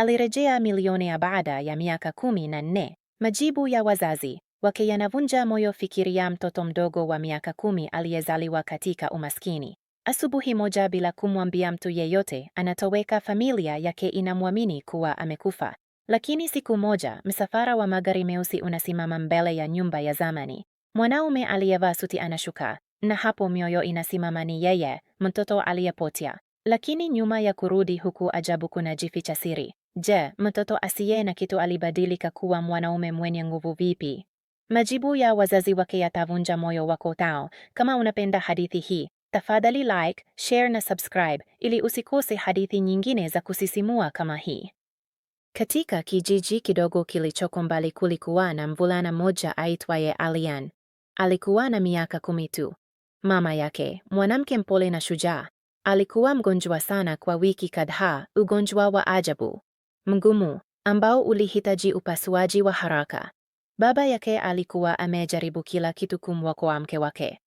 Alirejea ya baada ya miaka kumi na nne. Majibu ya wazazi wake yanavunja moyo. Fikiria mtoto mdogo wa miaka kumi aliyezaliwa katika umaskini. Asubuhi moja, bila kumwambia mtu yeyote, anatoweka. Familia yake inamwamini kuwa amekufa. Lakini siku moja, msafara wa magari meusi unasimama mbele ya nyumba ya zamani. Mwanaume aliyevaa suti anashuka, na hapo mioyo inasimama. Ni yeye, mtoto aliyepotea. Lakini nyuma ya kurudi huku ajabu kuna cha siri. Je, mtoto asiye na kitu alibadilika kuwa mwanaume mwenye nguvu vipi? Majibu ya wazazi wake yatavunja moyo wako tao. Kama unapenda hadithi hii, tafadhali like, share na subscribe ili usikose hadithi nyingine za kusisimua kama hii. Katika kijiji kidogo kilichoko mbali kulikuwa na mvulana mmoja aitwaye Alian. Alikuwa na miaka kumi tu. Mama yake, mwanamke mpole na shujaa, alikuwa mgonjwa sana kwa wiki kadhaa, ugonjwa wa ajabu mgumu ambao ulihitaji upasuaji wa haraka. Baba yake alikuwa amejaribu kila kitu kumwokoa mke wake.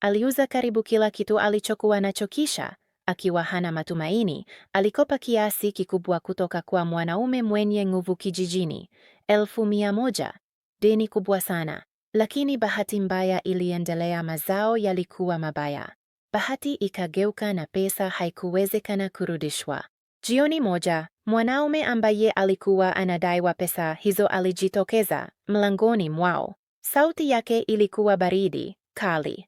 Aliuza karibu kila kitu alichokuwa nacho, kisha akiwa hana matumaini, alikopa kiasi kikubwa kutoka kwa mwanaume mwenye nguvu kijijini, elfu mia moja, deni kubwa sana. Lakini bahati mbaya iliendelea, mazao yalikuwa mabaya. Bahati ikageuka na pesa haikuwezekana kurudishwa. Jioni moja, mwanaume ambaye alikuwa anadaiwa pesa hizo alijitokeza mlangoni mwao. Sauti yake ilikuwa baridi kali.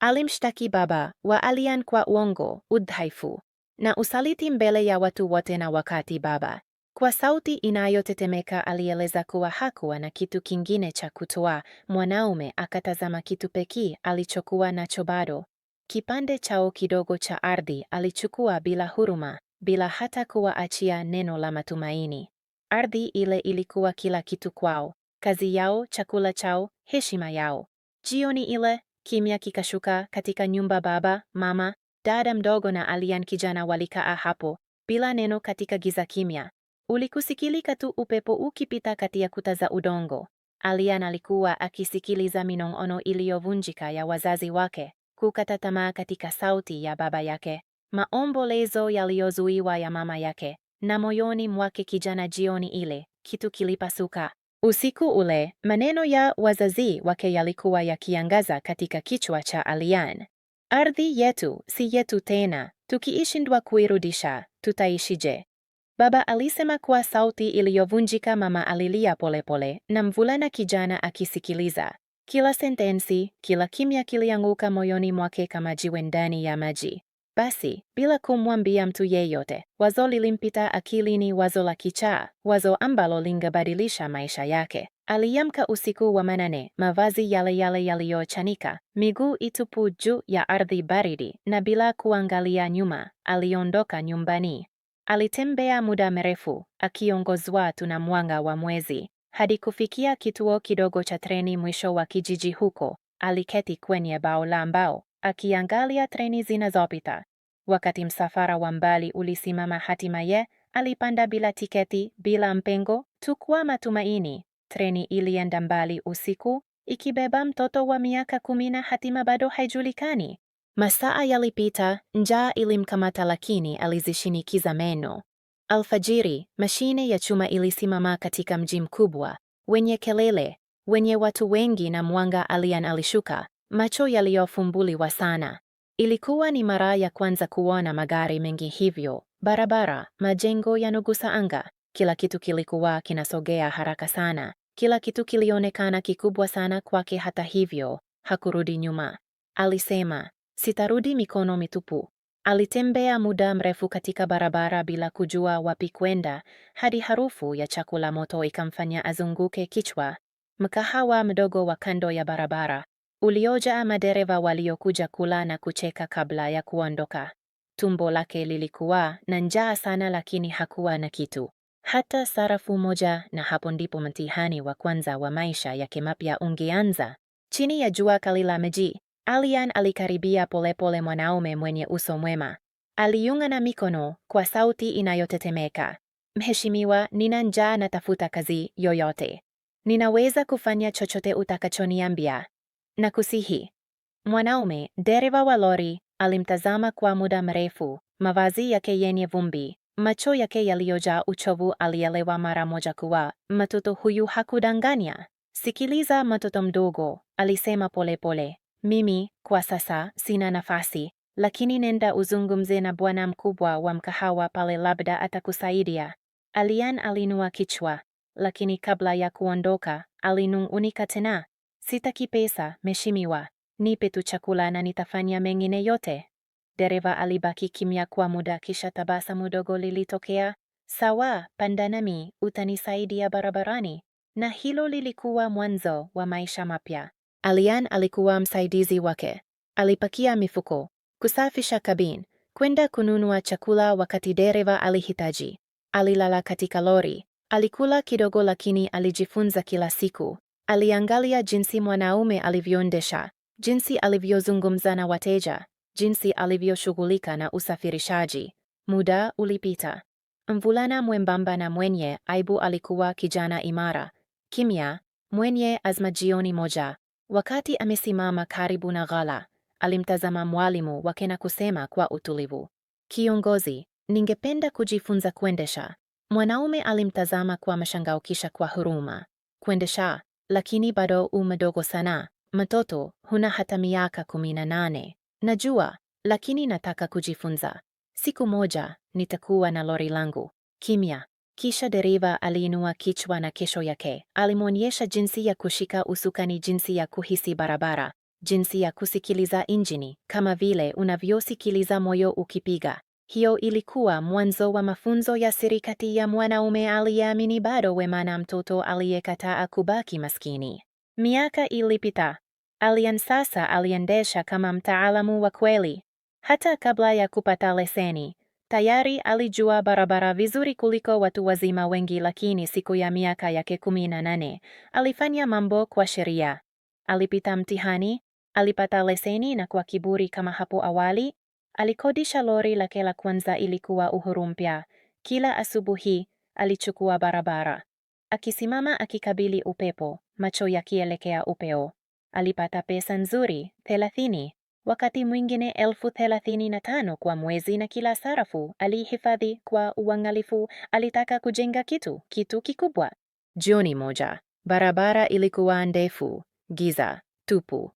Alimshtaki baba wa alian kwa uongo, udhaifu na usaliti mbele ya watu wote. Na wakati baba kwa sauti inayotetemeka alieleza kuwa hakuwa na kitu kingine cha kutoa, mwanaume akatazama kitu pekee alichokuwa nacho bado, kipande chao kidogo cha ardhi. Alichukua bila huruma bila hata kuwaachia neno la matumaini. Ardhi ile ilikuwa kila kitu kwao, kazi yao, chakula chao, heshima yao. Jioni ile kimya kikashuka katika nyumba. Baba, mama, dada mdogo na Alian kijana walikaa hapo bila neno, katika giza kimya. Ulikusikilika tu upepo ukipita kati ya kuta za udongo. Alian alikuwa akisikiliza minong'ono iliyovunjika ya wazazi wake, kukata tamaa katika sauti ya baba yake, maombolezo yaliyozuiwa ya mama yake, na moyoni mwake kijana, jioni ile kitu kilipasuka. Usiku ule maneno ya wazazi wake yalikuwa yakiangaza katika kichwa cha Alian. Ardhi yetu si yetu tena, tukiishindwa kuirudisha tutaishije? Baba alisema kwa sauti iliyovunjika. Mama alilia polepole, na mvulana kijana akisikiliza. Kila sentensi, kila kimya kilianguka moyoni mwake kama jiwe ndani ya maji. Basi, bila kumwambia mtu yeyote, wazo lilimpita akilini, wazo la kichaa, wazo ambalo lingebadilisha maisha yake. Aliamka usiku wa manane, mavazi yale yale yaliyochanika, miguu itupu juu ya ardhi baridi, na bila kuangalia nyuma, aliondoka nyumbani. Alitembea muda mrefu, akiongozwa tu na mwanga wa mwezi, hadi kufikia kituo kidogo cha treni mwisho wa kijiji. Huko aliketi kwenye bao la mbao, akiangalia treni zinazopita, Wakati msafara wa mbali ulisimama, hatimaye alipanda bila tiketi, bila mpengo tu, kwa matumaini. Treni ilienda mbali usiku, ikibeba mtoto wa miaka kumi na hatima bado haijulikani. Masaa yalipita, njaa ilimkamata, lakini alizishinikiza meno. Alfajiri, mashine ya chuma ilisimama katika mji mkubwa wenye kelele, wenye watu wengi na mwanga. Alian alishuka, macho yaliyofumbuliwa sana. Ilikuwa ni mara ya kwanza kuona magari mengi hivyo. Barabara, majengo yanogusa anga, kila kitu kilikuwa kinasogea haraka sana. Kila kitu kilionekana kikubwa sana kwake. Hata hivyo, hakurudi nyuma. Alisema, sitarudi mikono mitupu. Alitembea muda mrefu katika barabara bila kujua wapi kwenda, hadi harufu ya chakula moto ikamfanya azunguke kichwa. Mkahawa mdogo wa kando ya barabara uliojaa madereva waliokuja kula na kucheka kabla ya kuondoka. Tumbo lake lilikuwa na njaa sana, lakini hakuwa na kitu, hata sarafu moja. Na hapo ndipo mtihani wa kwanza wa maisha yake mapya ungeanza. Chini ya jua kali la mji, Alian alikaribia polepole mwanaume mwenye uso mwema. Aliunga na mikono kwa sauti inayotetemeka. Mheshimiwa, nina njaa, natafuta kazi yoyote. Ninaweza kufanya chochote utakachoniambia na kusihi. Mwanaume dereva wa lori alimtazama kwa muda mrefu, mavazi yake yenye vumbi, macho yake yaliyojaa uchovu. Alielewa mara moja kuwa mtoto huyu hakudanganya. Sikiliza mtoto mdogo, alisema polepole pole. Mimi kwa sasa sina nafasi, lakini nenda uzungumze na bwana mkubwa wa mkahawa pale, labda atakusaidia. Alian alinua kichwa, lakini kabla ya kuondoka alinung'unika tena, Sitaki pesa, mheshimiwa, nipe tu chakula na nitafanya mengine yote. Dereva alibaki kimya kwa muda, kisha tabasamu dogo lilitokea. Sawa, panda nami, utanisaidia barabarani. Na hilo lilikuwa mwanzo wa maisha mapya. Alian alikuwa msaidizi wake. Alipakia mifuko, kusafisha kabin, kwenda kununua chakula wakati dereva alihitaji. Alilala katika lori, alikula kidogo, lakini alijifunza kila siku. Aliangalia jinsi mwanaume alivyoendesha, jinsi alivyozungumza na wateja, jinsi alivyoshughulika na usafirishaji. Muda ulipita. Mvulana mwembamba na mwenye aibu alikuwa kijana imara, kimya, mwenye azma. Jioni moja, wakati amesimama karibu na ghala, alimtazama mwalimu wake na kusema kwa utulivu, Kiongozi, ningependa kujifunza kuendesha. Mwanaume alimtazama kwa mashangaokisha kisha kwa huruma. Kuendesha? lakini bado u sana. Mtoto, huna hata miaka kumi na nane. Najua, lakini nataka kujifunza. Siku moja nitakuwa na lori langu. Kimya. Kisha dereva aliinua kichwa na kesho yake alimwonyesha jinsi ya kushika usukani, jinsi ya kuhisi barabara, jinsi ya kusikiliza injini kama vile unavyosikiliza moyo ukipiga. Hiyo ilikuwa mwanzo wa mafunzo ya siri kati ya mwanaume aliyeamini bado wema na mtoto aliyekataa kubaki maskini. Miaka ilipita. Alian sasa aliendesha kama mtaalamu wa kweli. Hata kabla ya kupata leseni, tayari alijua barabara vizuri kuliko watu wazima wengi, lakini siku ya miaka yake kumi na nane alifanya mambo kwa sheria. Alipita mtihani, alipata leseni, na kwa kiburi kama hapo awali Alikodisha lori lake la kwanza, ilikuwa Uhuru mpya. Kila asubuhi alichukua barabara, akisimama akikabili upepo, macho yakielekea upeo. Alipata pesa nzuri, thelathini, wakati mwingine elfu thelathini na tano kwa mwezi, na kila sarafu alihifadhi kwa uangalifu. Alitaka kujenga kitu, kitu kikubwa. Jioni moja, barabara ilikuwa ndefu, giza tupu.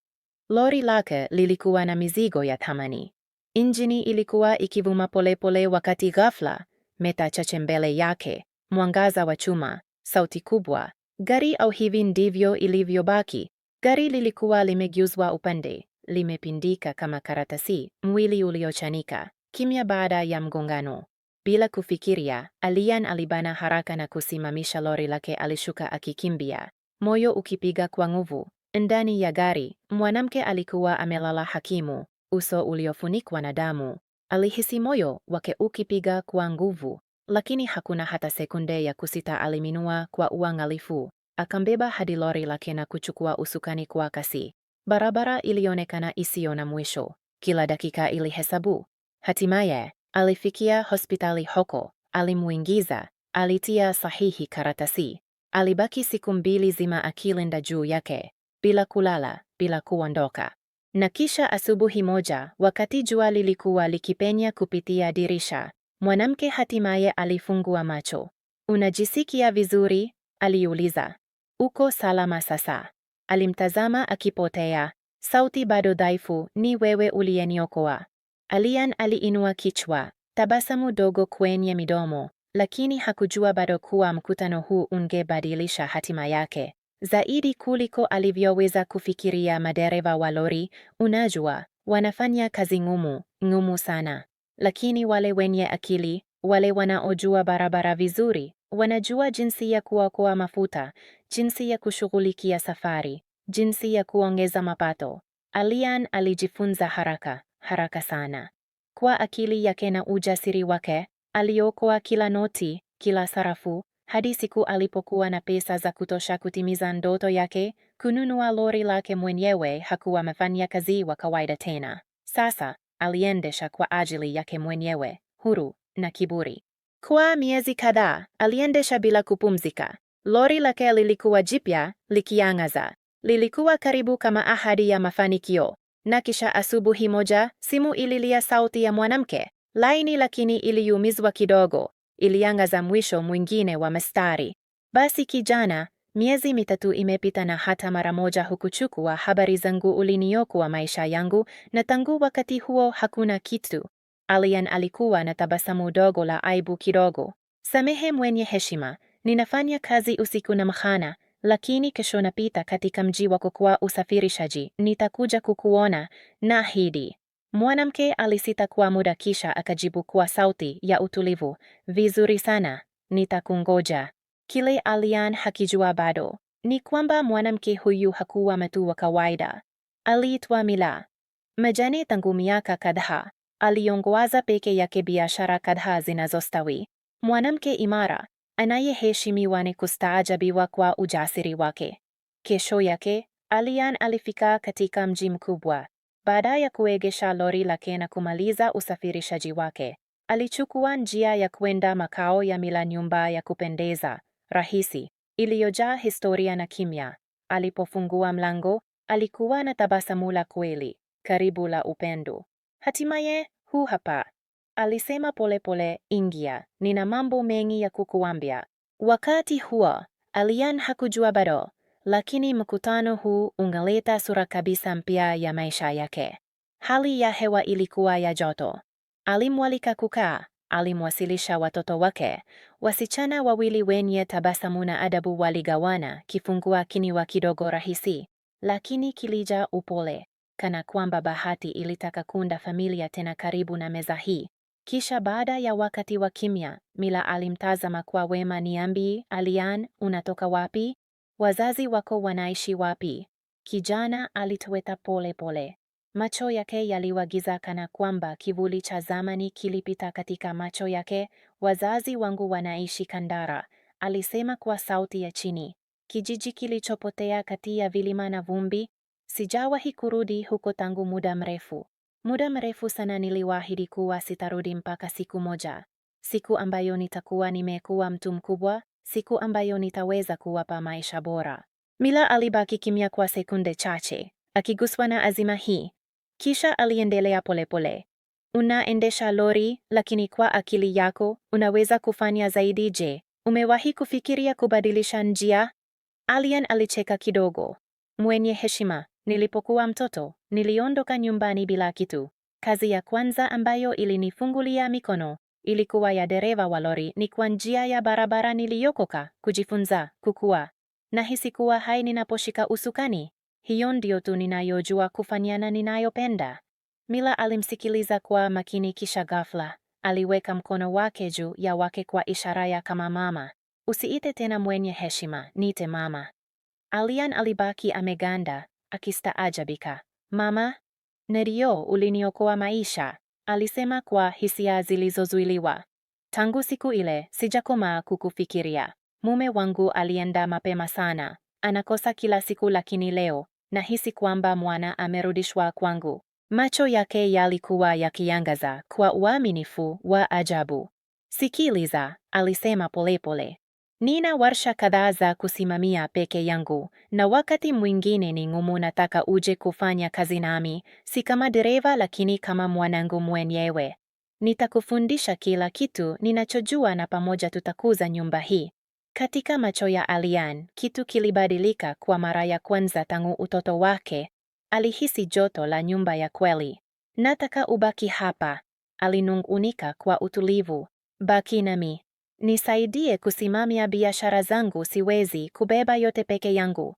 Lori lake lilikuwa na mizigo ya thamani. Injini ilikuwa ikivuma polepole wakati ghafla, meta chache mbele yake, mwangaza wa chuma, sauti kubwa. Gari au hivi ndivyo ilivyobaki. Gari lilikuwa limegeuzwa upande, limepindika kama karatasi, mwili uliochanika, kimya baada ya mgongano. Bila kufikiria, Alian alibana haraka na kusimamisha lori lake. Alishuka akikimbia, moyo ukipiga kwa nguvu. Ndani ya gari, mwanamke alikuwa amelala hakimu, uso uliofunikwa na damu. Alihisi moyo wake ukipiga kwa nguvu, lakini hakuna hata sekunde ya kusita. Aliminua kwa uangalifu, akambeba hadi lori lake na kuchukua usukani kwa kasi. Barabara ilionekana isiyo na mwisho, kila dakika ilihesabu. Hatimaye alifikia hospitali Hoko. Alimuingiza, alitia sahihi karatasi. Alibaki siku mbili zima akilinda juu yake, bila kulala, bila kuondoka. Na kisha asubuhi moja, wakati jua lilikuwa likipenya kupitia dirisha, mwanamke hatimaye alifungua macho. Unajisikia vizuri? aliuliza. Uko salama sasa? Alimtazama akipotea, sauti bado dhaifu. Ni wewe uliyeniokoa. Alian aliinua kichwa, tabasamu dogo kwenye midomo, lakini hakujua bado kuwa mkutano huu ungebadilisha hatima yake zaidi kuliko alivyoweza kufikiria. Madereva wa lori, unajua, wanafanya kazi ngumu ngumu sana, lakini wale wenye akili, wale wanaojua barabara vizuri, wanajua jinsi ya kuokoa mafuta, jinsi ya kushughulikia safari, jinsi ya kuongeza mapato. Alian alijifunza haraka haraka sana. Kwa akili yake na ujasiri wake, aliokoa kila noti, kila sarafu, hadi siku alipokuwa na pesa za kutosha kutimiza ndoto yake, kununua lori lake mwenyewe. Hakuwa kazi wa kawaida tena. Sasa aliendesha kwa ajili yake mwenyewe, huru na kiburi. Kwa miezi kadhaa aliendesha bila kupumzika. Lori lake lilikuwa jipya, likiangaza. Lilikuwa karibu kama ahadi ya mafanikio. Na kisha asubuhi moja, simu ililia, sauti ya mwanamke laini, lakini iliumizwa kidogo ilianga za mwisho mwingine wa mstari. Basi kijana, miezi mitatu imepita na hata mara moja hukuchukua habari zangu uliniokoa maisha yangu, na tangu wakati huo hakuna kitu. alian alikuwa na tabasamu dogo la aibu kidogo. Samehe mwenye heshima, ninafanya kazi usiku na mchana, lakini kesho napita katika mji wako kwa usafirishaji. Nitakuja kukuona, naahidi. Mwanamke alisita kwa muda kisha akajibu kwa sauti ya utulivu, vizuri sana, nitakungoja. Kile Alian hakijua bado ni kwamba mwanamke huyu hakuwa mtu wa kawaida. Aliitwa Mila Majani. Tangu miaka kadhaa aliongoza peke yake biashara kadhaa zinazostawi. Mwanamke imara anayeheshimiwa ni kustaajabiwa kwa ujasiri wake. Kesho yake Alian alifika katika mji mkubwa baada ya kuegesha lori lake na kumaliza usafirishaji wake, alichukua njia ya kwenda makao ya mila, nyumba ya kupendeza, rahisi, iliyojaa historia na kimya. Alipofungua mlango, alikuwa na tabasamu la kweli, karibu la upendo. Hatimaye, huu hapa, alisema polepole, ingia, nina mambo mengi ya kukuambia. Wakati huo, Alian hakujua bado lakini mkutano huu ungaleta sura kabisa mpya ya maisha yake. Hali ya hewa ilikuwa ya joto. Alimwalika kukaa, alimwasilisha watoto wake. Wasichana wawili wenye tabasamu na adabu waligawana kifungua kinywa kidogo rahisi, lakini kilijaa upole, kana kwamba bahati ilitaka kunda familia tena karibu na meza hii. Kisha baada ya wakati wa kimya, Mila alimtazama kwa wema. Niambi, Alian, unatoka wapi? Wazazi wako wanaishi wapi? Kijana alitoweka pole pole. Macho yake yaliwagiza kana kwamba kivuli cha zamani kilipita katika macho yake. Wazazi wangu wanaishi Kandara, alisema kwa sauti ya chini, kijiji kilichopotea kati ya vilima na vumbi. Sijawahi kurudi huko tangu muda mrefu, muda mrefu sana. Niliwaahidi kuwa sitarudi mpaka siku moja, siku ambayo nitakuwa nimekuwa mtu mkubwa, siku ambayo nitaweza kuwapa maisha bora. Mila alibaki kimya kwa sekunde chache, akiguswa na azima hii, kisha aliendelea polepole. Unaendesha lori, lakini kwa akili yako unaweza kufanya zaidi. Je, umewahi kufikiria kubadilisha njia? Alien alicheka kidogo. Mwenye heshima, nilipokuwa mtoto niliondoka nyumbani bila kitu. Kazi ya kwanza ambayo ilinifungulia mikono ilikuwa ya dereva wa lori ni kwa njia ya barabara niliyokoka, kujifunza, kukua. Nahisi kuwa hai ninaposhika usukani. Hiyo ndio tu ninayojua kufanyana ninayopenda. Mila alimsikiliza kwa makini, kisha ghafla aliweka mkono wake juu ya wake kwa ishara ya kama mama, usiite tena mwenye heshima, niite mama. Alian alibaki ameganda, akistaajabika. Mama, ndio uliniokoa maisha alisema kwa hisia zilizozuiliwa. Tangu siku ile sijakomaa kukufikiria. Mume wangu alienda mapema sana, anakosa kila siku, lakini leo nahisi kwamba mwana amerudishwa kwangu. Macho yake yalikuwa yakiangaza kwa uaminifu wa ajabu. Sikiliza, alisema polepole, Nina warsha kadhaa za kusimamia peke yangu, na wakati mwingine ni ngumu. Nataka uje kufanya kazi nami, si kama dereva, lakini kama mwanangu mwenyewe. Nitakufundisha kila kitu ninachojua na pamoja tutakuza nyumba hii. Katika macho ya Alian, kitu kilibadilika kwa mara ya kwanza tangu utoto wake. Alihisi joto la nyumba ya kweli. Nataka ubaki hapa, alinungunika kwa utulivu. Baki nami. Nisaidie kusimamia biashara zangu, siwezi kubeba yote peke yangu.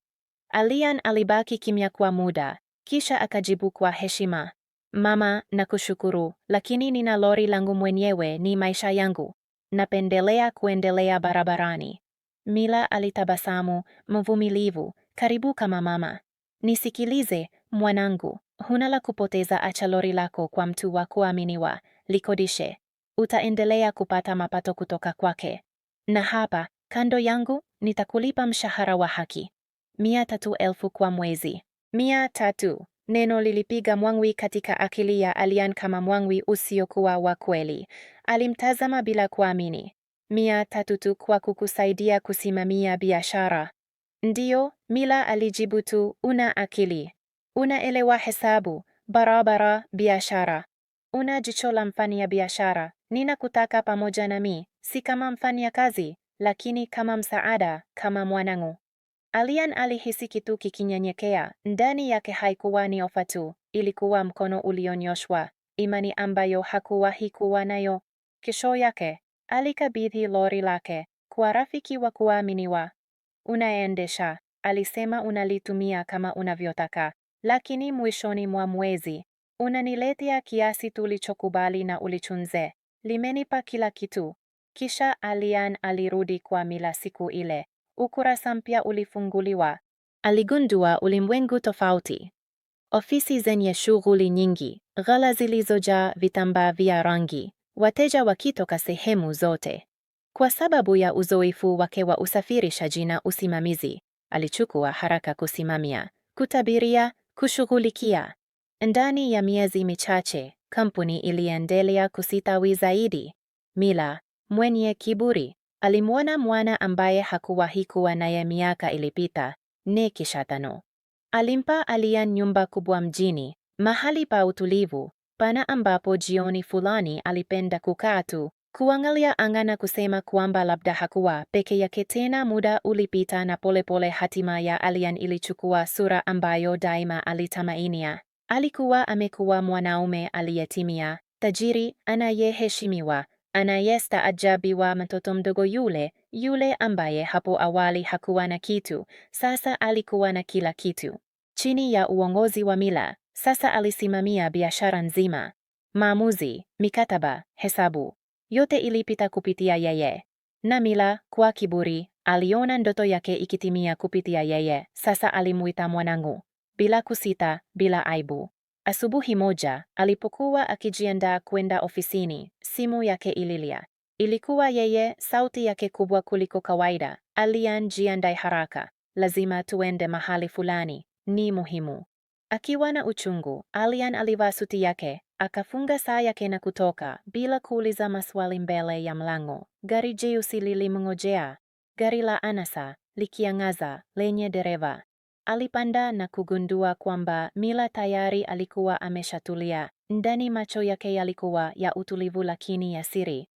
Alian alibaki kimya kwa muda, kisha akajibu kwa heshima, Mama, nakushukuru, lakini nina lori langu mwenyewe, ni maisha yangu. Napendelea kuendelea barabarani. Mila alitabasamu, mvumilivu, karibu kama mama. Nisikilize, mwanangu, huna la kupoteza, acha lori lako kwa mtu wa kuaminiwa, likodishe utaendelea kupata mapato kutoka kwake. Na hapa kando yangu nitakulipa mshahara wa haki, mia tatu elfu kwa mwezi. Mia tatu. Neno lilipiga mwangwi katika akili ya Alian kama mwangwi usiokuwa wa kweli. Alimtazama bila kuamini. Mia tatu tu kwa kukusaidia kusimamia biashara? Ndiyo, Mila alijibu tu. Una akili, unaelewa hesabu barabara, biashara, una jicho la mfanya biashara, Ninakutaka pamoja nami, si kama mfanya kazi lakini kama msaada, kama mwanangu. Alian alihisi kitu kikinyenyekea ndani yake. Haikuwa ni ofa tu, ilikuwa mkono ulionyoshwa, imani ambayo hakuwahi kuwa nayo. Kesho yake alikabidhi lori lake kwa rafiki wa kuaminiwa. Unaendesha, alisema, unalitumia kama unavyotaka, lakini mwishoni mwa mwezi unaniletea kiasi tulichokubali na ulichunze. Limenipa kila kitu. Kisha Alian alirudi kwa Mila siku ile. Ukurasa mpya ulifunguliwa. Aligundua ulimwengu tofauti, ofisi zenye shughuli nyingi, ghala zilizojaa vitambaa vya rangi, wateja wakitoka sehemu zote. Kwa sababu ya uzoefu wake wa usafirishaji na usimamizi, alichukua haraka kusimamia, kutabiria, kushughulikia. Ndani ya miezi michache kampuni iliendelea kusitawi zaidi. Mila, mwenye kiburi, alimwona mwana ambaye hakuwahi kuwa naye miaka ilipita ne kishatano Alimpa Alian nyumba kubwa mjini, mahali pa utulivu, pana ambapo jioni fulani alipenda kukaa tu, kuangalia anga na kusema kwamba labda hakuwa peke yake tena. Muda ulipita na polepole, hatima ya Alian ilichukua sura ambayo daima alitamainia. Alikuwa amekuwa mwanaume aliyetimia, tajiri, anayeheshimiwa, anayestaajabiwa. Mtoto mdogo yule yule ambaye hapo awali hakuwa na kitu, sasa alikuwa na kila kitu. Chini ya uongozi wa Mila, sasa alisimamia biashara nzima. Maamuzi, mikataba, hesabu, yote ilipita kupitia yeye. Na Mila, kwa kiburi, aliona ndoto yake ikitimia kupitia yeye. Sasa alimuita mwanangu bila kusita, bila aibu. Asubuhi moja alipokuwa akijiandaa kwenda ofisini, simu yake ililia. Ilikuwa yeye, sauti yake kubwa kuliko kawaida. Alia, jiandae haraka, lazima tuende mahali fulani, ni muhimu. Akiwa na uchungu, Alian alivaa suti yake, akafunga saa yake na kutoka bila kuuliza maswali mbele ya mlango. Gari jeusi lilimngojea, gari la anasa likiangaza, lenye dereva Alipanda na kugundua kwamba Mila tayari alikuwa ameshatulia. Ndani macho yake yalikuwa ya utulivu lakini ya siri.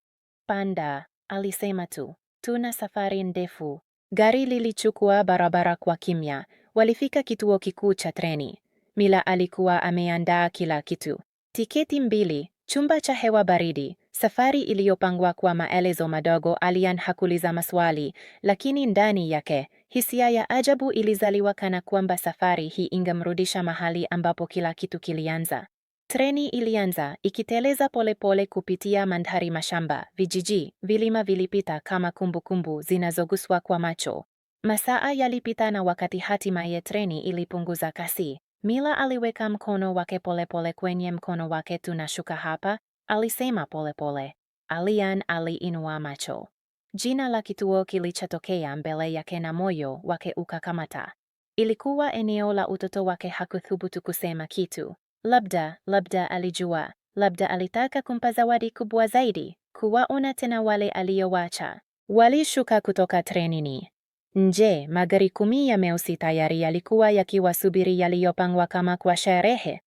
Panda, alisema tu. Tuna safari ndefu. Gari lilichukua barabara kwa kimya. Walifika kituo kikuu cha treni. Mila alikuwa ameandaa kila kitu: tiketi mbili, chumba cha hewa baridi, Safari iliyopangwa kwa maelezo madogo. Alian hakuuliza maswali, lakini ndani yake hisia ya ajabu ilizaliwa, kana kwamba safari hii ingemrudisha mahali ambapo kila kitu kilianza. Treni ilianza ikiteleza polepole pole kupitia mandhari mashamba, vijiji, vilima vilipita kama kumbukumbu zinazoguswa kwa macho. Masaa yalipita na wakati hatimaye treni ilipunguza kasi, Mila aliweka mkono wake polepole pole kwenye mkono wake. Tunashuka hapa, alisema polepole. Alian aliinua macho. Jina la kituo kilichotokea mbele yake na moyo wake ukakamata. Ilikuwa eneo la utoto wake. Hakuthubutu kusema kitu. Labda, labda alijua, labda alitaka kumpa zawadi kubwa zaidi, kuwaona tena wale aliyowacha. Walishuka kutoka trenini. Nje, magari kumi ya meusi tayari yalikuwa yakiwasubiri, yaliyopangwa kama kwa sherehe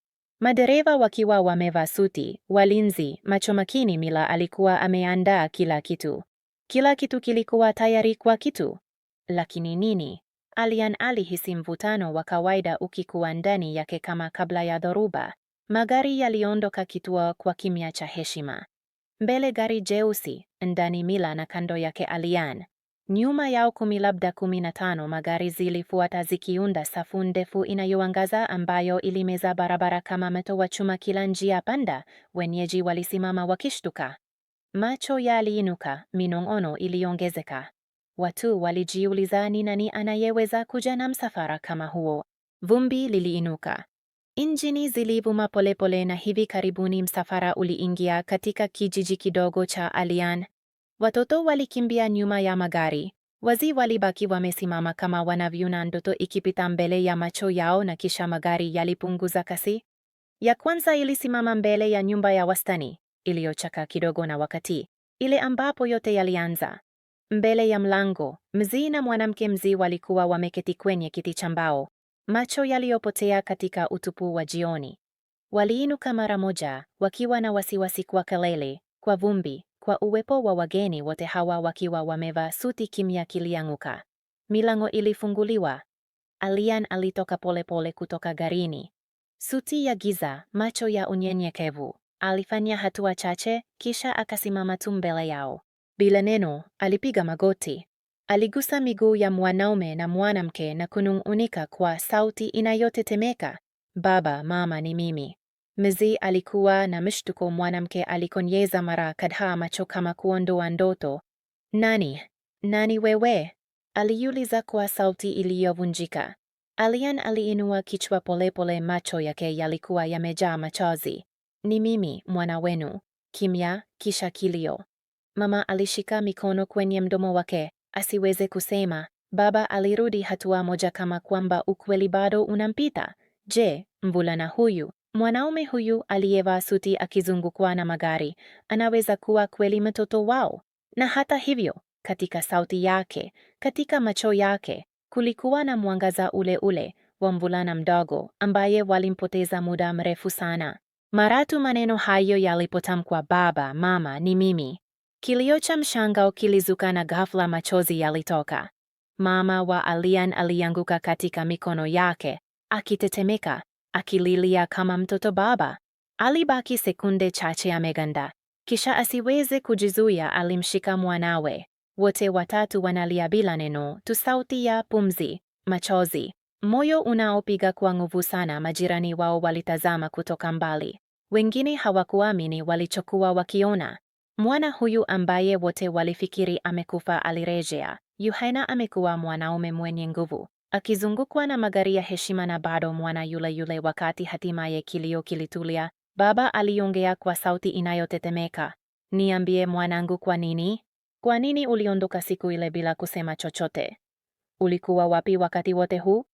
madereva wakiwa wamevaa suti, walinzi macho makini. Mila alikuwa ameandaa kila kitu, kila kitu kilikuwa tayari kwa kitu. Lakini nini? Alian alihisi mvutano wa kawaida ukikuwa ndani yake, kama kabla ya dhoruba. Magari yaliondoka kituo kwa kimya cha heshima. Mbele gari jeusi, ndani Mila na kando yake Alian. Nyuma yao kumi labda kumi na tano magari zilifuata zikiunda safu ndefu inayoangaza ambayo ilimeza barabara kama mto wa chuma kila njia panda. Wenyeji walisimama wakishtuka, macho yaliinuka, minong'ono iliongezeka. Watu walijiuliza ni nani anayeweza kuja na msafara kama huo. Vumbi liliinuka, injini zilivuma polepole, na hivi karibuni msafara uliingia katika kijiji kidogo cha Alian Watoto walikimbia nyuma ya magari. Wazi walibaki wamesimama kama wanavyuna ndoto ikipita mbele ya macho yao, na kisha magari yalipunguza kasi. Ya kwanza ilisimama mbele ya nyumba ya wastani iliyochaka kidogo, na wakati ile ambapo yote yalianza. Mbele ya mlango, mzee na mwanamke mzee walikuwa wameketi kwenye kiti cha mbao, macho yaliyopotea katika utupu wa jioni. Waliinuka mara moja, wakiwa na wasiwasi, kwa kelele, kwa vumbi kwa uwepo wa wageni wote hawa wakiwa wamevaa suti, kimya kilianguka. Milango ilifunguliwa. Alian alitoka polepole pole kutoka garini, suti ya giza, macho ya unyenyekevu. Alifanya hatua chache, kisha akasimama tu mbele yao. Bila neno, alipiga magoti, aligusa miguu ya mwanaume na mwanamke na kunung'unika kwa sauti inayotetemeka, baba, mama, ni mimi mzi alikuwa na mshtuko. Mwanamke alikonyeza mara kadhaa macho kama kuondoa ndoto. Nani? Nani wewe? aliuliza kwa sauti iliyovunjika. Alian aliinua kichwa polepole, macho yake yalikuwa yamejaa machozi. Ni mimi mwana wenu. Kimya, kisha kilio. Mama alishika mikono kwenye mdomo wake asiweze kusema. Baba alirudi hatua moja, kama kwamba ukweli bado unampita. Je, mvulana huyu Mwanaume huyu aliyevaa suti akizungukwa na magari anaweza kuwa kweli mtoto wao. Na hata hivyo, katika sauti yake, katika macho yake, kulikuwa na mwangaza ule ule wa mvulana mdogo ambaye walimpoteza muda mrefu sana. Mara tu maneno hayo yalipotamkwa, baba, mama, ni mimi, kilio cha mshangao kilizuka na ghafla machozi yalitoka. Mama wa Alian alianguka katika mikono yake akitetemeka, akililia kama mtoto baba. Alibaki sekunde chache ameganda, kisha asiweze kujizuia alimshika mwanawe. Wote watatu wanalia bila neno tu, sauti ya pumzi, machozi, moyo unaopiga kwa nguvu sana. Majirani wao walitazama kutoka mbali, wengine hawakuamini walichokuwa wakiona. Mwana huyu ambaye wote walifikiri amekufa alirejea. Yohana amekuwa mwanaume mwenye nguvu, akizungukwa na magari ya heshima na bado mwana yule yule. Wakati hatimaye kilio kilitulia, baba aliongea kwa sauti inayotetemeka, niambie mwanangu, kwa nini kwa nini uliondoka siku ile bila kusema chochote? Ulikuwa wapi wakati wote huu?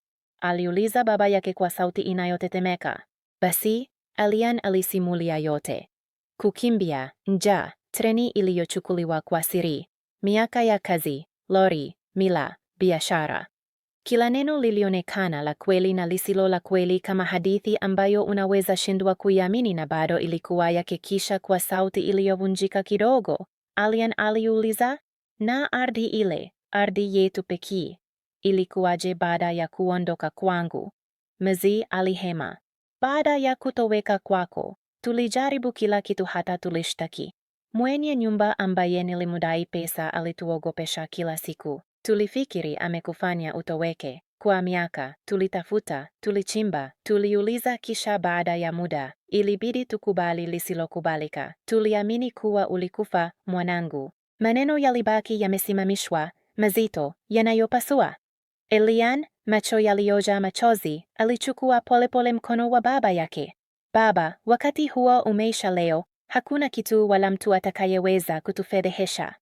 aliuliza baba yake kwa sauti inayotetemeka. Basi Alian alisimulia yote: kukimbia, njaa, treni iliyochukuliwa kwa siri, miaka ya kazi, lori, mila, biashara, kila neno lilionekana la kweli na lisilo la kweli, kama hadithi ambayo unaweza shindwa kuiamini, na bado ilikuwa yake. Kisha kwa sauti iliyovunjika kidogo, Alien aliuliza, na ardhi ile, ardhi yetu pekee, ilikuwaje baada ya kuondoka kwangu? Mzi alihema, baada ya kutoweka kwako tulijaribu kila kitu, hata tulishtaki. Mwenye nyumba ambaye nilimudai pesa alituogopesha kila siku. Tulifikiri amekufanya utoweke. Kwa miaka tulitafuta, tulichimba, tuliuliza, kisha baada ya muda ilibidi tukubali lisilokubalika. Tuliamini kuwa ulikufa, mwanangu. Maneno yalibaki yamesimamishwa, mazito, yanayopasua. Elian, macho yaliyojaa machozi, alichukua polepole mkono wa baba yake. Baba, wakati huo umeisha. Leo hakuna kitu wala mtu atakayeweza kutufedhehesha.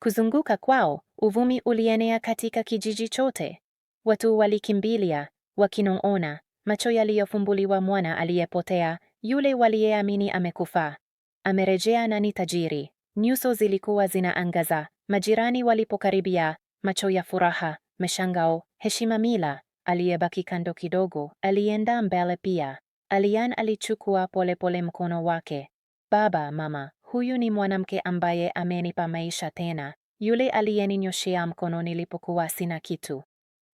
Kuzunguka kwao Uvumi ulienea katika kijiji chote. Watu walikimbilia wakinong'ona, macho yaliyofumbuliwa, mwana aliyepotea, yule waliyeamini amekufa amerejea na ni tajiri. Nyuso zilikuwa zinaangaza. Majirani walipokaribia, macho ya furaha, meshangao heshima. Mila aliyebaki kando kidogo alienda mbele pia. Alian alichukua polepole mkono wake. Baba, mama, huyu ni mwanamke ambaye amenipa maisha tena yule aliyeninyoshea mkono nilipokuwa sina kitu.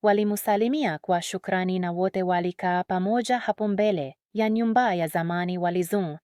walimusalimia kwa shukrani na wote walikaa pamoja hapo mbele ya nyumba ya zamani Walizung